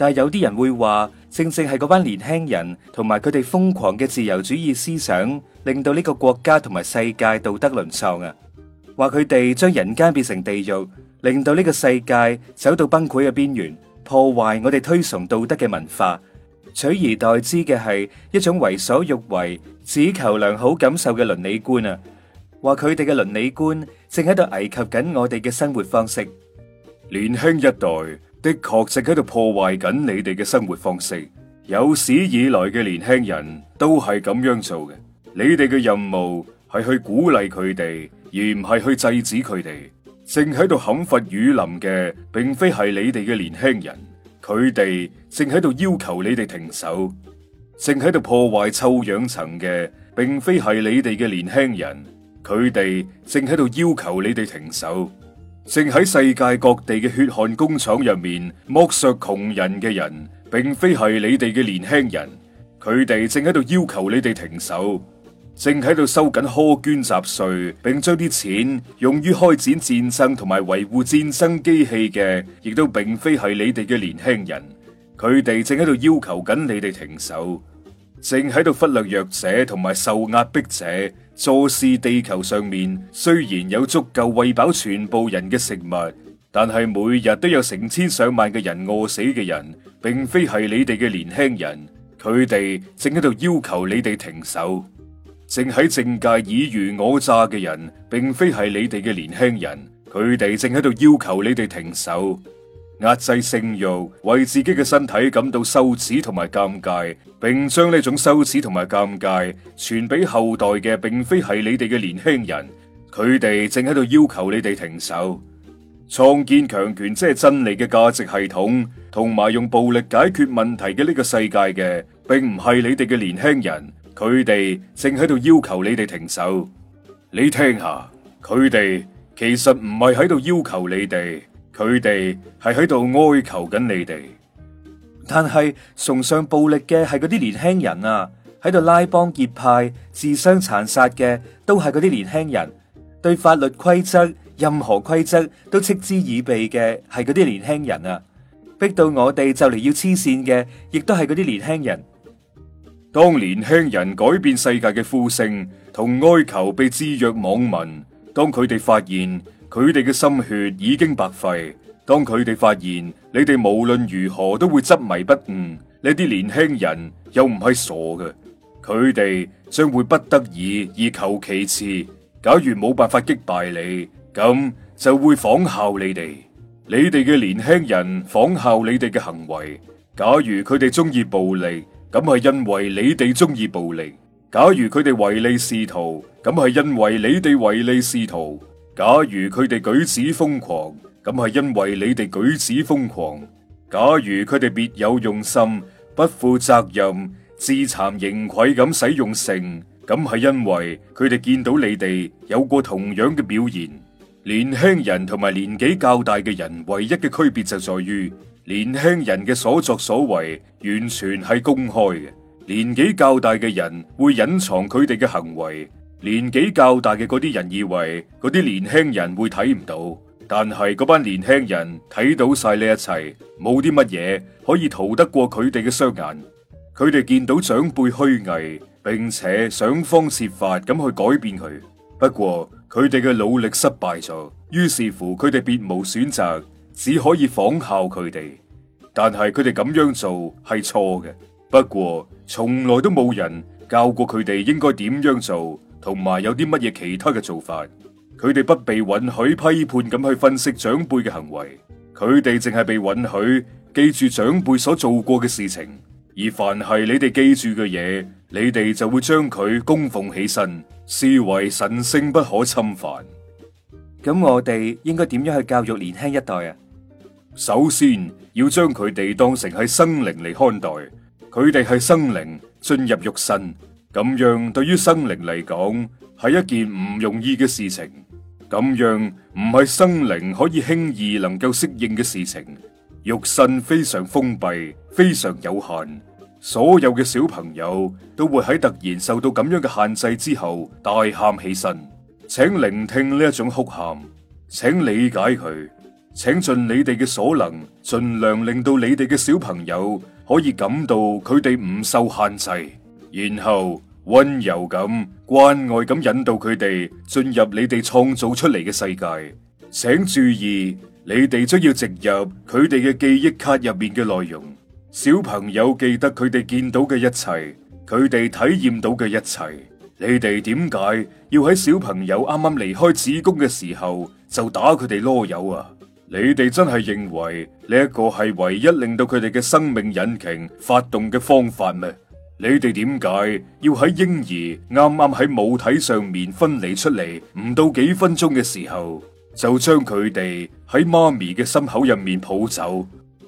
但係有啲人會話，正正係嗰班年輕人同埋佢哋瘋狂嘅自由主義思想，令到呢個國家同埋世界道德淪喪啊！話佢哋將人間變成地獄，令到呢個世界走到崩潰嘅邊緣，破壞我哋推崇道德嘅文化，取而代之嘅係一種為所欲為、只求良好感受嘅倫理觀啊！話佢哋嘅倫理觀正喺度危及緊我哋嘅生活方式。年輕一代。的確，正喺度破壞緊你哋嘅生活方式。有史以來嘅年輕人都係咁樣做嘅。你哋嘅任務係去鼓勵佢哋，而唔係去制止佢哋。正喺度砍伐雨林嘅，並非係你哋嘅年輕人，佢哋正喺度要求你哋停手。正喺度破壞臭氧層嘅，並非係你哋嘅年輕人，佢哋正喺度要求你哋停手。正喺世界各地嘅血汗工廠入面剝削窮人嘅人，並非係你哋嘅年輕人，佢哋正喺度要求你哋停手，正喺度收緊苛捐雜稅，並將啲錢用於開展戰爭同埋維護戰爭機器嘅，亦都並非係你哋嘅年輕人，佢哋正喺度要求緊你哋停手。正喺度忽略弱者同埋受壓迫者，坐視地球上面雖然有足夠餵飽全部人嘅食物，但係每日都有成千上萬嘅人餓死嘅人，並非係你哋嘅年輕人，佢哋正喺度要求你哋停手。正喺政界爾虞我詐嘅人，並非係你哋嘅年輕人，佢哋正喺度要求你哋停手。壓制性欲，為自己嘅身體感到羞恥同埋尷尬，並將呢種羞恥同埋尷尬傳俾後代嘅，並非係你哋嘅年輕人，佢哋正喺度要求你哋停手。創建強權即係真理嘅價值系統，同埋用暴力解決問題嘅呢個世界嘅，並唔係你哋嘅年輕人，佢哋正喺度要求你哋停手。你聽下，佢哋其實唔係喺度要求你哋。佢哋係喺度哀求緊你哋，但係崇尚暴力嘅係嗰啲年輕人啊，喺度拉幫結派、自相殘殺嘅都係嗰啲年輕人，對法律規則、任何規則都嗤之以鼻嘅係嗰啲年輕人啊，逼到我哋就嚟要黐線嘅，亦都係嗰啲年輕人。當年輕人改變世界嘅呼聲同哀求被置若罔聞，當佢哋發現。佢哋嘅心血已經白費。當佢哋發現你哋無論如何都會執迷不悟，呢啲年輕人又唔係傻嘅，佢哋將會不得已而求其次。假如冇辦法擊敗你，咁就會仿效你哋。你哋嘅年輕人仿效你哋嘅行為。假如佢哋中意暴力，咁係因為你哋中意暴力。假如佢哋唯利是圖，咁係因為你哋唯利是圖。假如佢哋舉止瘋狂，咁係因為你哋舉止瘋狂；假如佢哋別有用心、不負責任、自慚形穢咁使用性，咁係因為佢哋見到你哋有過同樣嘅表現。年輕人同埋年紀較大嘅人，唯一嘅區別就在於，年輕人嘅所作所為完全係公開嘅，年紀較大嘅人會隱藏佢哋嘅行為。年紀較大嘅嗰啲人以為嗰啲年輕人會睇唔到，但係嗰班年輕人睇到晒呢一切，冇啲乜嘢可以逃得過佢哋嘅雙眼。佢哋見到長輩虛偽，並且想方設法咁去改變佢。不過佢哋嘅努力失敗咗，於是乎佢哋別無選擇，只可以仿效佢哋。但係佢哋咁樣做係錯嘅。不過從來都冇人教過佢哋應該點樣做。同埋有啲乜嘢其他嘅做法，佢哋不被允許批判咁去分析長輩嘅行為，佢哋淨係被允許記住長輩所做過嘅事情，而凡係你哋記住嘅嘢，你哋就會將佢供奉起身，視為神聖不可侵犯。咁我哋應該點樣去教育年輕一代啊？首先要將佢哋當成係生靈嚟看待，佢哋係生靈進入肉身。咁樣對於生靈嚟講係一件唔容易嘅事情，咁樣唔係生靈可以輕易能夠適應嘅事情。肉身非常封閉，非常有限，所有嘅小朋友都會喺突然受到咁樣嘅限制之後大喊起身。請聆聽呢一種哭喊，請理解佢，請盡你哋嘅所能，盡量令到你哋嘅小朋友可以感到佢哋唔受限制。然後温柔咁、關愛咁引導佢哋進入你哋創造出嚟嘅世界。請注意，你哋將要植入佢哋嘅記憶卡入面嘅內容。小朋友記得佢哋見到嘅一切，佢哋體驗到嘅一切。你哋點解要喺小朋友啱啱離開子宮嘅時候就打佢哋囉柚啊？你哋真係認為呢一、這個係唯一令到佢哋嘅生命引擎發動嘅方法咩？你哋點解要喺嬰兒啱啱喺母體上面分離出嚟，唔到幾分鐘嘅時候，就將佢哋喺媽咪嘅心口入面抱走？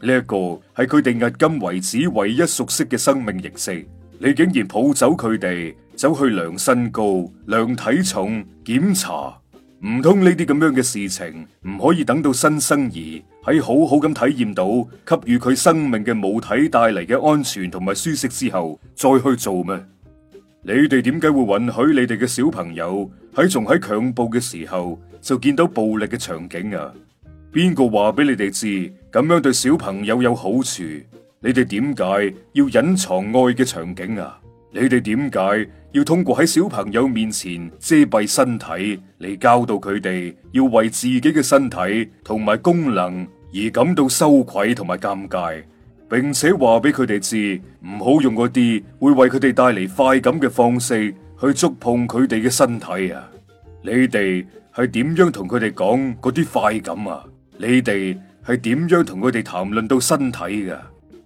呢、這、一個係佢哋迄今為止唯一熟悉嘅生命形式，你竟然抱走佢哋，走去量身高、量體重、檢查，唔通呢啲咁樣嘅事情唔可以等到新生兒，喺好好咁體驗到給予佢生命嘅母體帶嚟嘅安全同埋舒適之後，再去做咩？你哋點解會允許你哋嘅小朋友喺仲喺襁褓嘅時候就見到暴力嘅場景啊？邊個話俾你哋知咁樣對小朋友有好處？你哋點解要隱藏愛嘅場景啊？你哋點解？要通過喺小朋友面前遮蔽身體嚟，教導佢哋，要為自己嘅身體同埋功能而感到羞愧同埋尷尬，並且話俾佢哋知唔好用嗰啲會為佢哋帶嚟快感嘅方式去觸碰佢哋嘅身體啊！你哋係點樣同佢哋講嗰啲快感啊？你哋係點樣同佢哋談論到身體噶？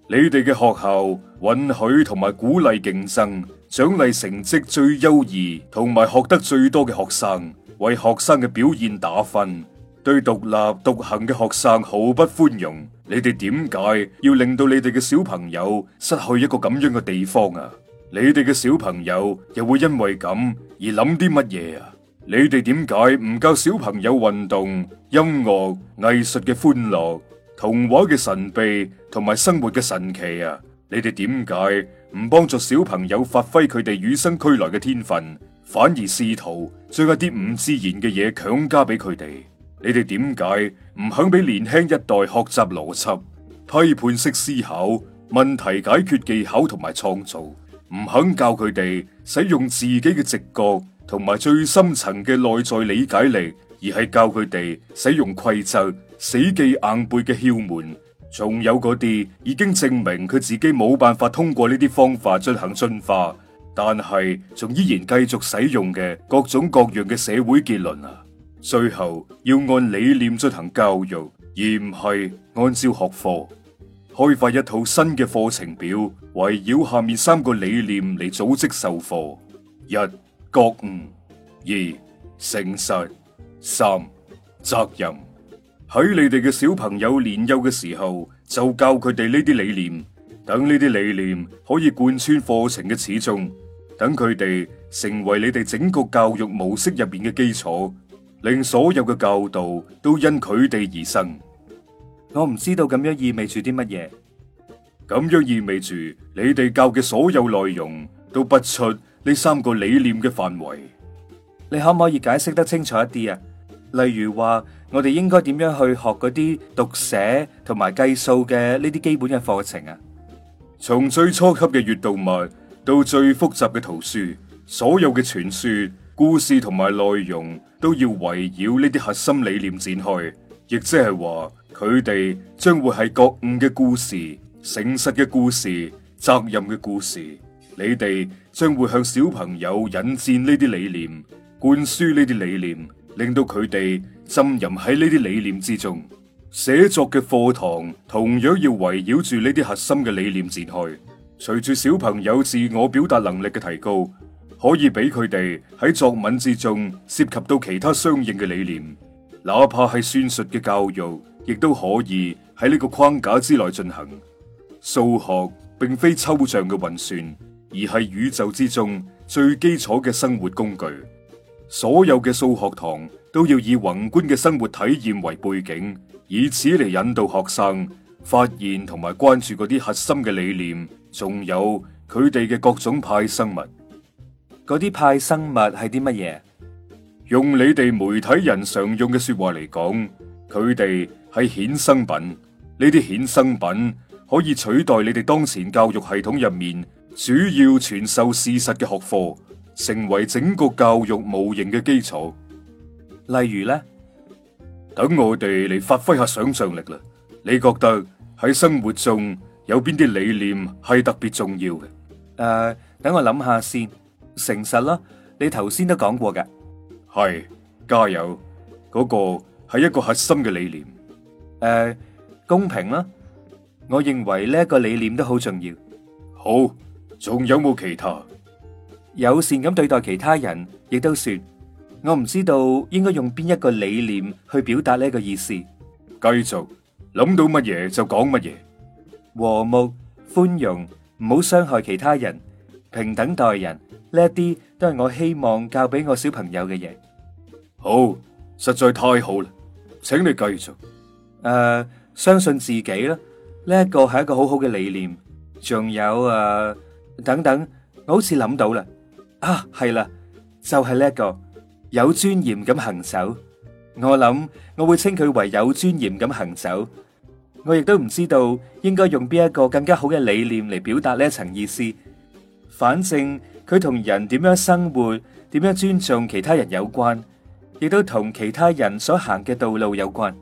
你哋嘅學校允許同埋鼓勵競爭。獎勵成績最優異同埋學得最多嘅學生，為學生嘅表現打分，對獨立獨行嘅學生毫不寬容。你哋點解要令到你哋嘅小朋友失去一個咁樣嘅地方啊？你哋嘅小朋友又會因為咁而諗啲乜嘢啊？你哋點解唔教小朋友運動、音樂、藝術嘅歡樂、童話嘅神秘同埋生活嘅神奇啊？你哋點解唔幫助小朋友發揮佢哋與生俱來嘅天分，反而試圖將一啲唔自然嘅嘢強加俾佢哋？你哋點解唔肯俾年輕一代學習邏輯、批判式思考、問題解決技巧同埋創造？唔肯教佢哋使用自己嘅直覺同埋最深層嘅內在理解力，而係教佢哋使用規則、死記硬背嘅竅門？仲有嗰啲已經證明佢自己冇辦法通過呢啲方法進行進化，但係仲依然繼續使用嘅各種各樣嘅社會結論啊！最後要按理念進行教育，而唔係按照學科，開發一套新嘅課程表，圍繞下面三個理念嚟組織授課：一、覺悟；二、誠實；三、責任。喺你哋嘅小朋友年幼嘅時候，就教佢哋呢啲理念，等呢啲理念可以貫穿課程嘅始終，等佢哋成為你哋整個教育模式入邊嘅基礎，令所有嘅教導都因佢哋而生。我唔知道，咁樣意味住啲乜嘢？咁樣意味住你哋教嘅所有內容都不出呢三個理念嘅範圍。你可唔可以解釋得清楚一啲啊？例如話。我哋應該點樣去學嗰啲讀寫同埋計數嘅呢啲基本嘅課程啊？從最初級嘅閱讀物到最複雜嘅圖書，所有嘅傳說、故事同埋內容都要圍繞呢啲核心理念展開，亦即係話佢哋將會係覺悟嘅故事、誠實嘅故事、責任嘅故事。你哋將會向小朋友引薦呢啲理念，灌輸呢啲理念。令到佢哋浸淫喺呢啲理念之中，寫作嘅課堂同樣要圍繞住呢啲核心嘅理念展開。隨住小朋友自我表達能力嘅提高，可以俾佢哋喺作文之中涉及到其他相應嘅理念。哪怕係算術嘅教育，亦都可以喺呢個框架之內進行。數學並非抽象嘅運算，而係宇宙之中最基礎嘅生活工具。所有嘅數學堂都要以宏觀嘅生活體驗為背景，以此嚟引導學生發現同埋關注嗰啲核心嘅理念，仲有佢哋嘅各種派生物。嗰啲派生物係啲乜嘢？用你哋媒體人常用嘅說話嚟講，佢哋係衍生品。呢啲衍生品可以取代你哋當前教育系統入面主要傳授事實嘅學科，成為整個教育模型嘅基礎。例如咧，等我哋嚟發揮下想象力啦。你覺得喺生活中有邊啲理念係特別重要嘅？誒，等我諗下先。誠實啦，你頭先都講過嘅。係，加油。嗰個係一個核心嘅理念。誒，公平啦，我認為呢一個理念都好重要。好，仲有冇其他？友善咁對待其他人，亦都說我唔知道應該用邊一個理念去表達呢一個意思。繼續諗到乜嘢就講乜嘢，和睦寬容，唔好傷害其他人，平等待人，呢一啲都係我希望教俾我小朋友嘅嘢。好，實在太好啦，請你繼續。誒、呃，相信自己啦，呢一個係一個好好嘅理念。仲有誒、呃，等等，我好似諗到啦。啊，係啦，就係呢一個有尊嚴咁行走。我諗我會稱佢為有尊嚴咁行走。我亦都唔知道應該用邊一個更加好嘅理念嚟表達呢一層意思。反正佢同人點樣生活、點樣尊重其他人有關，亦都同其他人所行嘅道路有關。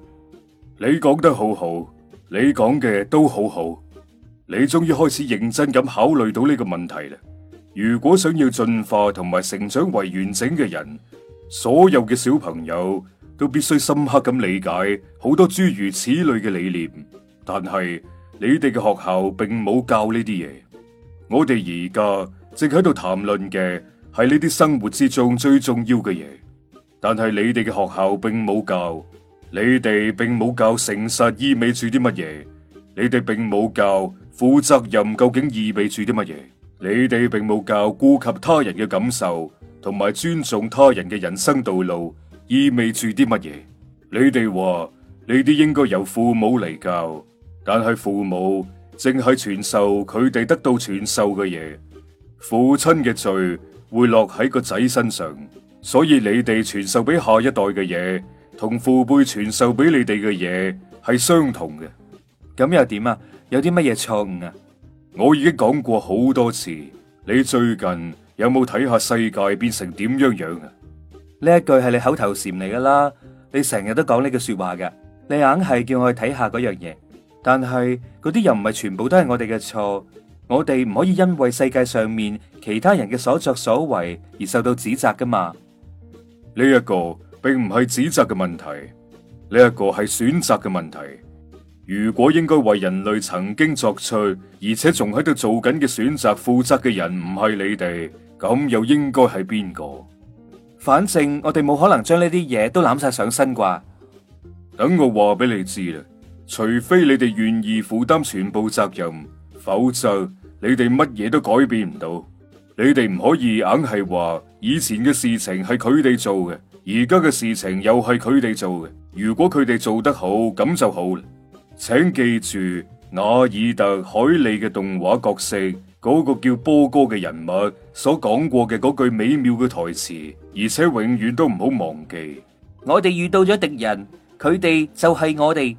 你講得好好，你講嘅都好好。你終於開始認真咁考慮到呢個問題啦。如果想要進化同埋成長為完整嘅人，所有嘅小朋友都必須深刻咁理解好多諸如此類嘅理念。但係你哋嘅學校並冇教呢啲嘢。我哋而家正喺度談論嘅係呢啲生活之中最重要嘅嘢。但係你哋嘅學校並冇教，你哋並冇教誠實意味住啲乜嘢？你哋並冇教負責任究竟意味住啲乜嘢？你哋並冇教顧及他人嘅感受，同埋尊重他人嘅人生道路，意味住啲乜嘢？你哋話你哋應該由父母嚟教，但係父母淨係傳授佢哋得到傳授嘅嘢。父親嘅罪會落喺個仔身上，所以你哋傳授俾下一代嘅嘢，同父輩傳授俾你哋嘅嘢係相同嘅。咁又點啊？有啲乜嘢錯誤啊？我已經講過好多次，你最近有冇睇下世界變成點樣樣啊？呢一句係你口頭禪嚟噶啦，你成日都講呢句說話噶，你硬係叫我去睇下嗰樣嘢。但係嗰啲又唔係全部都係我哋嘅錯，我哋唔可以因為世界上面其他人嘅所作所為而受到指責噶嘛？呢一個並唔係指責嘅問題，呢一個係選擇嘅問題。如果應該為人類曾經作出而且仲喺度做緊嘅選擇負責嘅人唔係你哋，咁又應該係邊個？反正我哋冇可能將呢啲嘢都攬晒上身啩。等我話俾你知啦，除非你哋願意負擔全部責任，否則你哋乜嘢都改變唔到。你哋唔可以硬係話以前嘅事情係佢哋做嘅，而家嘅事情又係佢哋做嘅。如果佢哋做得好，咁就好啦。請記住，瓦爾特海利嘅動畫角色嗰個叫波哥嘅人物所講過嘅嗰句美妙嘅台詞，而且永遠都唔好忘記。我哋遇到咗敵人，佢哋就係我哋。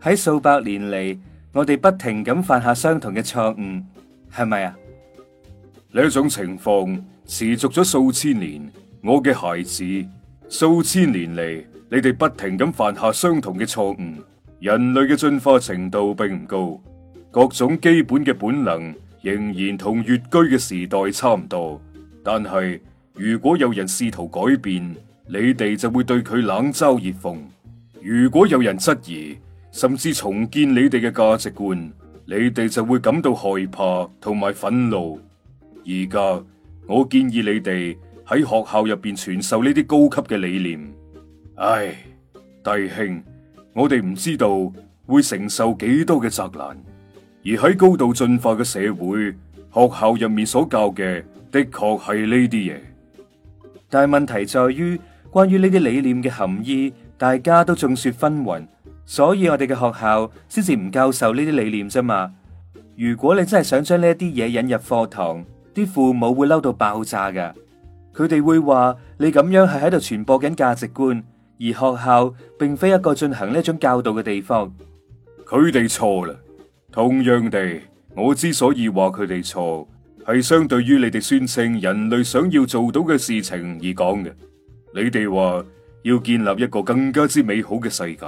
喺數百年嚟，我哋不停咁犯下相同嘅錯誤，係咪啊？呢種情況持續咗數千年，我嘅孩子，數千年嚟，你哋不停咁犯下相同嘅錯誤。人類嘅進化程度並唔高，各種基本嘅本能仍然同穴居嘅時代差唔多。但係如果有人試圖改變，你哋就會對佢冷嘲熱諷；如果有人質疑，甚至重建你哋嘅價值觀，你哋就會感到害怕同埋憤怒。而家我建議你哋喺學校入邊傳授呢啲高級嘅理念。唉，弟兄。我哋唔知道會承受幾多嘅責難，而喺高度進化嘅社會，學校入面所教嘅的確係呢啲嘢。但係問題在於，關於呢啲理念嘅含義，大家都眾說紛紜，所以我哋嘅學校先至唔教授呢啲理念啫嘛。如果你真係想將呢一啲嘢引入課堂，啲父母會嬲到爆炸噶，佢哋會話：你咁樣係喺度傳播緊價值觀。而學校並非一個進行呢種教導嘅地方，佢哋錯啦。同樣地，我之所以話佢哋錯，係相對於你哋宣稱人類想要做到嘅事情而講嘅。你哋話要建立一個更加之美好嘅世界，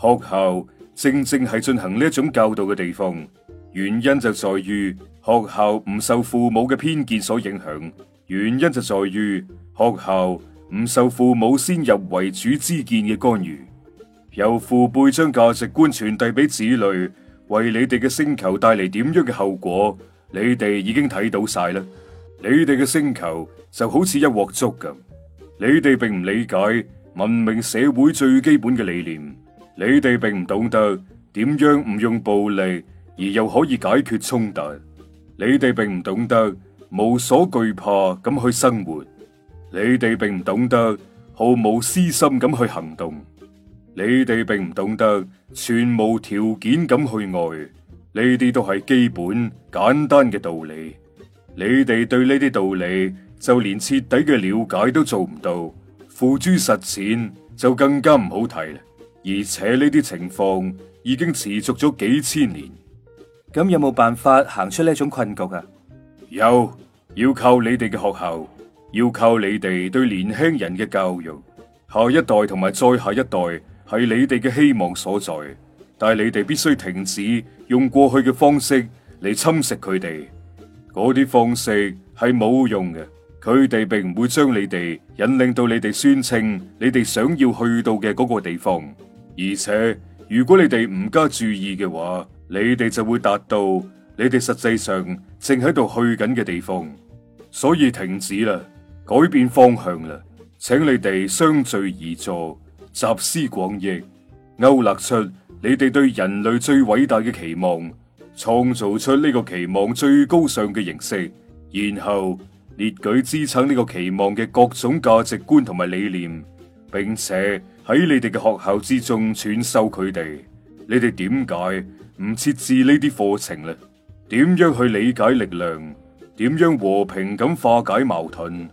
學校正正係進行呢種教導嘅地方。原因就在於學校唔受父母嘅偏見所影響。原因就在於學校。唔受父母先入為主之見嘅干預，由父輩將價值觀傳遞俾子女，為你哋嘅星球帶嚟點樣嘅後果，你哋已經睇到晒啦。你哋嘅星球就好似一鑊粥咁，你哋並唔理解文明社會最基本嘅理念，你哋並唔懂得點樣唔用暴力而又可以解決衝突，你哋並唔懂得無所懼怕咁去生活。你哋並唔懂得毫無私心咁去行動，你哋並唔懂得全無條件咁去愛，呢啲都係基本簡單嘅道理。你哋對呢啲道理就連徹底嘅了解都做唔到，付諸實踐就更加唔好睇啦。而且呢啲情況已經持續咗幾千年，咁有冇辦法行出呢種困局啊？有，要靠你哋嘅學校。要靠你哋對年輕人嘅教育，下一代同埋再下一代係你哋嘅希望所在，但係你哋必須停止用過去嘅方式嚟侵蝕佢哋，嗰啲方式係冇用嘅。佢哋並唔會將你哋引領到你哋宣稱你哋想要去到嘅嗰個地方，而且如果你哋唔加注意嘅話，你哋就會達到你哋實際上正喺度去緊嘅地方，所以停止啦。改變方向啦，請你哋相聚而坐，集思廣益，勾勒出你哋對人類最偉大嘅期望，創造出呢個期望最高尚嘅形式，然後列舉支撐呢個期望嘅各種價值觀同埋理念，並且喺你哋嘅學校之中傳授佢哋。你哋點解唔設置呢啲課程呢？點樣去理解力量？點樣和平咁化解矛盾？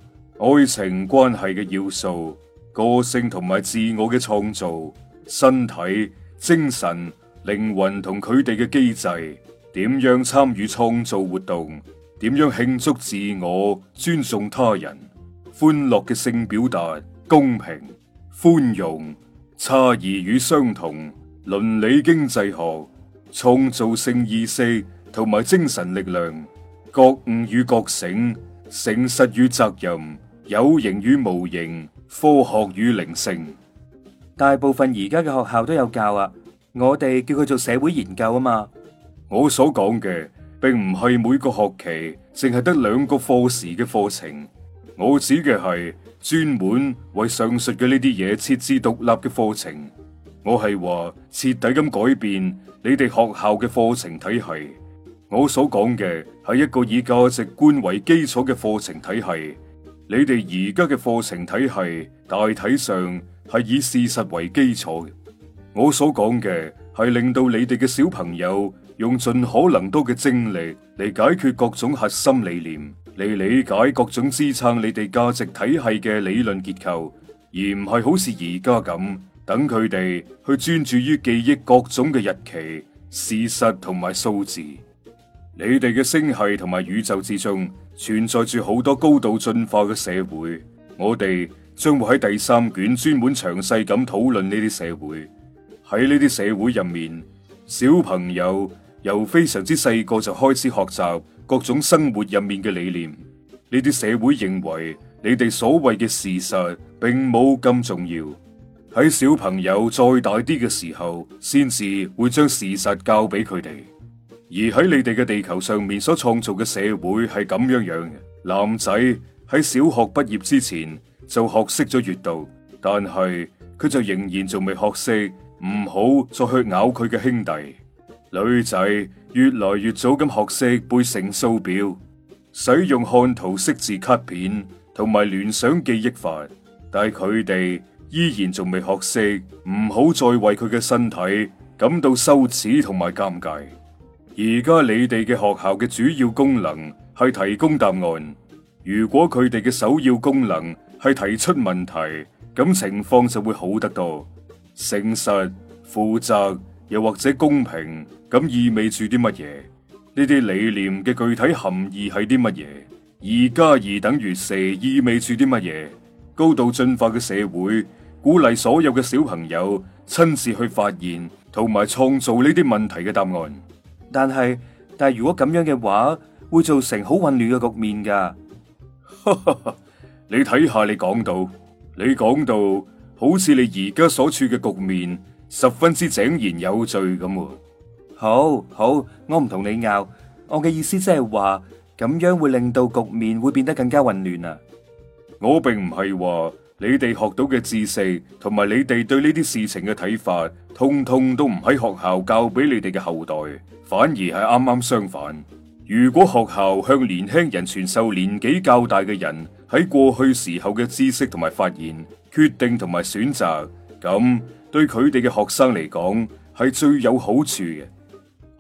愛情關係嘅要素，個性同埋自我嘅創造，身體、精神、靈魂同佢哋嘅機制，點樣參與創造活動？點樣慶祝自我？尊重他人？歡樂嘅性表達？公平？寬容？差異與相同？倫理經濟學？創造性意識同埋精神力量？覺悟與覺醒？誠實與責任？有形與無形，科學與靈性，大部分而家嘅學校都有教啊。我哋叫佢做社會研究啊嘛。我所講嘅並唔係每個學期淨係得兩個課時嘅課程，我指嘅係專門為上述嘅呢啲嘢設置獨立嘅課程。我係話徹底咁改變你哋學校嘅課程體系。我所講嘅係一個以價值觀為基礎嘅課程體系。你哋而家嘅課程體系大體上係以事實為基礎嘅，我所講嘅係令到你哋嘅小朋友用盡可能多嘅精力嚟解決各種核心理念，嚟理解各種支撐你哋價值體系嘅理論結構，而唔係好似而家咁等佢哋去專注於記憶各種嘅日期、事實同埋數字。你哋嘅星系同埋宇宙之中存在住好多高度進化嘅社會，我哋將會喺第三卷專門詳細咁討論呢啲社會。喺呢啲社會入面，小朋友由非常之細個就開始學習各種生活入面嘅理念。呢啲社會認為你哋所謂嘅事實並冇咁重要。喺小朋友再大啲嘅時候，先至會將事實教俾佢哋。而喺你哋嘅地球上面，所創造嘅社會係咁樣樣嘅。男仔喺小學畢業之前就學識咗閱讀，但係佢就仍然仲未學識唔好再去咬佢嘅兄弟。女仔越嚟越早咁學識背乘數表，使用看圖識字卡片同埋聯想記憶法，但係佢哋依然仲未學識唔好再為佢嘅身體感到羞恥同埋尷尬。而家你哋嘅學校嘅主要功能係提供答案。如果佢哋嘅首要功能係提出問題，咁情況就會好得多。誠實、負責又或者公平，咁意味住啲乜嘢？呢啲理念嘅具體含義係啲乜嘢？二加二等於四意味住啲乜嘢？高度進化嘅社會鼓勵所有嘅小朋友親自去發現同埋創造呢啲問題嘅答案。但係，但係如果咁樣嘅話，會造成好混亂嘅局面噶。 你睇下，你講到，你講到，好似你而家所處嘅局面十分之井然有序咁。好好，我唔同你拗，我嘅意思即係話，咁樣會令到局面會變得更加混亂啊！我並唔係話。你哋學到嘅知識同埋你哋對呢啲事情嘅睇法，通通都唔喺學校教俾你哋嘅後代，反而係啱啱相反。如果學校向年輕人傳授年紀較大嘅人喺過去時候嘅知識同埋發現、決定同埋選擇，咁對佢哋嘅學生嚟講係最有好處嘅。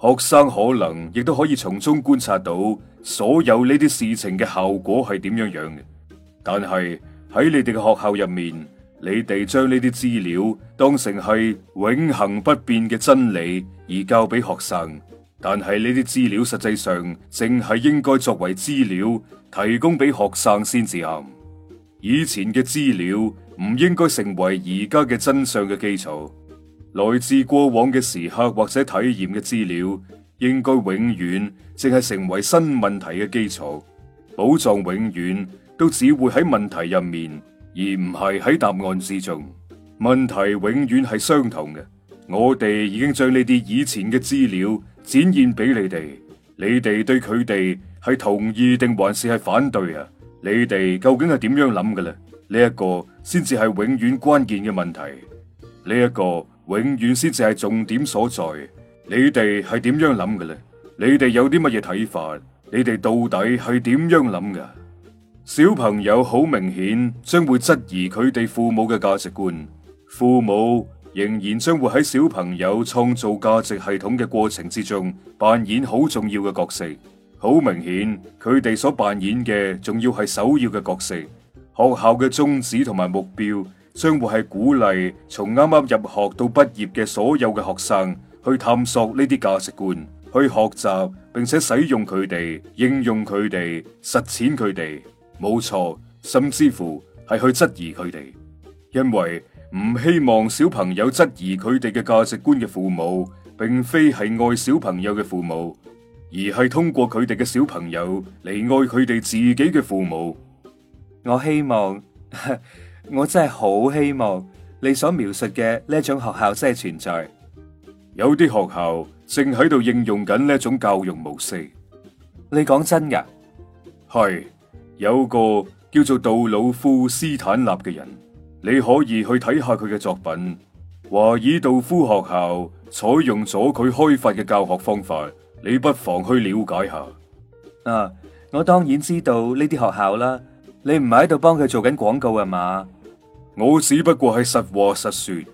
學生可能亦都可以從中觀察到所有呢啲事情嘅效果係點樣樣嘅，但係喺你哋嘅學校入面，你哋將呢啲資料當成係永恒不變嘅真理而交俾學生，但係呢啲資料實際上淨係應該作為資料提供俾學生先至啱。以前嘅資料唔應該成為而家嘅真相嘅基礎，來自過往嘅時刻或者體驗嘅資料，應該永遠淨係成為新問題嘅基礎，保障永遠。都只會喺問題入面，而唔係喺答案之中。問題永遠係相同嘅。我哋已經將呢啲以前嘅資料展現俾你哋，你哋對佢哋係同意定還是係反對啊？你哋究竟係點樣諗嘅啦？呢一個先至係永遠關鍵嘅問題，呢一個永遠先至係重點所在。你哋係點樣諗嘅啦？你哋有啲乜嘢睇法？你哋到底係點樣諗嘅？小朋友好明顯將會質疑佢哋父母嘅價值觀，父母仍然將會喺小朋友創造價值系統嘅過程之中扮演好重要嘅角色。好明顯，佢哋所扮演嘅仲要係首要嘅角色。學校嘅宗旨同埋目標將會係鼓勵從啱啱入學到畢業嘅所有嘅學生去探索呢啲價值觀，去學習，並且使用佢哋，應用佢哋，實踐佢哋。冇錯，甚至乎係去質疑佢哋，因為唔希望小朋友質疑佢哋嘅價值觀嘅父母，並非係愛小朋友嘅父母，而係通過佢哋嘅小朋友嚟愛佢哋自己嘅父母。我希望，我真係好希望你所描述嘅呢種學校真係存在。有啲學校正喺度應用緊呢種教育模式。你講真㗎？係。有個叫做杜魯夫斯坦納嘅人，你可以去睇下佢嘅作品。華爾道夫學校採用咗佢開發嘅教學方法，你不妨去了解下。啊，我當然知道呢啲學校啦。你唔係喺度幫佢做緊廣告啊嘛？我只不過係實話實說。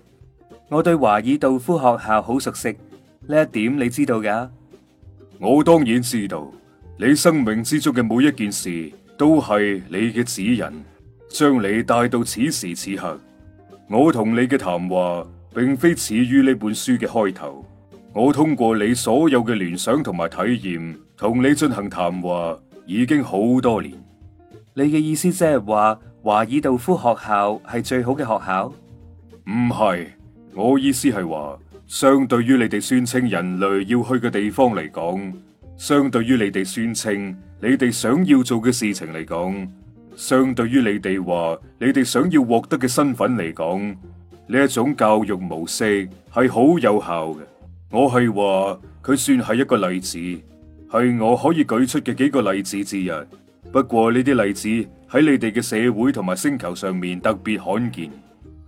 我對華爾道夫學校好熟悉，呢一點你知道噶？我當然知道你生命之中嘅每一件事。都係你嘅指引，將你帶到此時此刻。我同你嘅談話，並非始於呢本書嘅開頭。我通過你所有嘅聯想同埋體驗，同你進行談話，已經好多年。你嘅意思即係話，華爾道夫學校係最好嘅學校？唔係，我意思係話，相對於你哋宣稱人類要去嘅地方嚟講。相對於你哋宣稱你哋想要做嘅事情嚟講，相對於你哋話你哋想要獲得嘅身份嚟講，呢一種教育模式係好有效嘅。我係話，佢算係一個例子，係我可以舉出嘅幾個例子之一。不過呢啲例子喺你哋嘅社會同埋星球上面特別罕見。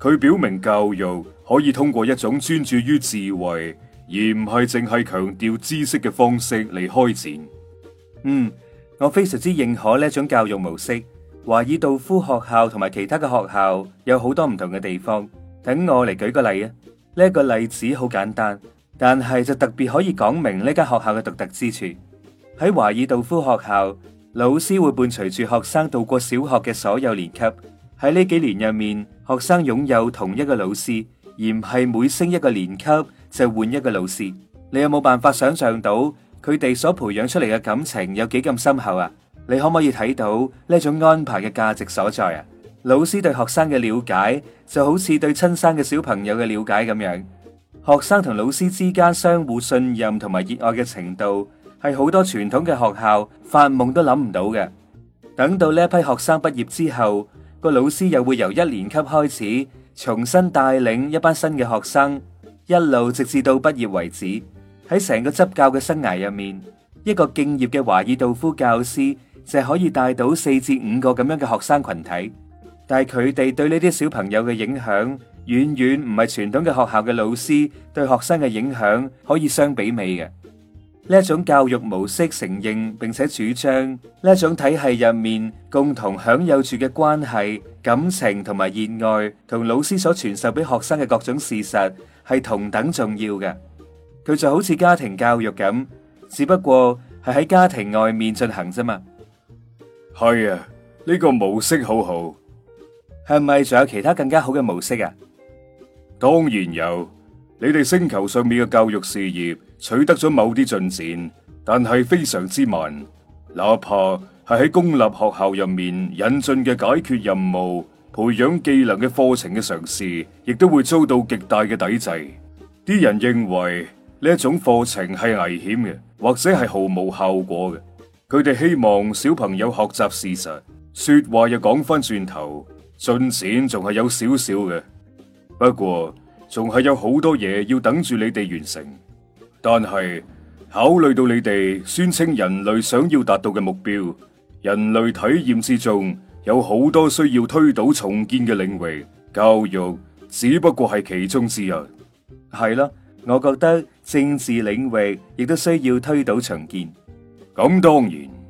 佢表明教育可以通過一種專注於智慧，而唔係淨係強調知識嘅方式嚟開展。嗯，我非常之認可呢種教育模式。華爾道夫學校同埋其他嘅學校有好多唔同嘅地方。等我嚟舉個例啊，呢個例子好簡單，但係就特別可以講明呢間學校嘅獨特之處。喺華爾道夫學校，老師會伴隨住學生度過小學嘅所有年級。喺呢幾年入面，學生擁有同一個老師，而唔係每升一個年級。就換一個老師，你有冇辦法想象到佢哋所培養出嚟嘅感情有幾咁深厚啊？你可唔可以睇到呢一種安排嘅價值所在啊？老師對學生嘅了解就好似對親生嘅小朋友嘅了解咁樣，學生同老師之間相互信任同埋熱愛嘅程度係好多傳統嘅學校發夢都諗唔到嘅。等到呢一批學生畢業之後，個老師又會由一年級開始重新帶領一班新嘅學生。一路直至到畢業為止，喺成個執教嘅生涯入面，一個敬業嘅華爾道夫教師就係可以帶到四至五個咁樣嘅學生群體，但係佢哋對呢啲小朋友嘅影響，遠遠唔係傳統嘅學校嘅老師對學生嘅影響可以相比美嘅。呢一種教育模式，承認並且主張呢一種體系入面共同享有住嘅關係、感情同埋熱愛，同老師所傳授俾學生嘅各種事實。係同等重要嘅，佢就好似家庭教育咁，只不過係喺家庭外面進行啫嘛。係啊，呢個模式好好，係咪仲有其他更加好嘅模式啊？當然有，你哋星球上面嘅教育事業取得咗某啲進展，但係非常之慢，哪怕係喺公立學校入面引進嘅解決任務。培養技能嘅課程嘅嘗試，亦都會遭到極大嘅抵制。啲人認為呢一種課程係危險嘅，或者係毫無效果嘅。佢哋希望小朋友學習事實。說話又講翻轉頭，進展仲係有少少嘅，不過仲係有好多嘢要等住你哋完成。但係考慮到你哋宣稱人類想要達到嘅目標，人類體驗之中。有好多需要推倒重建嘅領域，教育只不過係其中之一。係啦，我覺得政治領域亦都需要推倒重建。咁當然。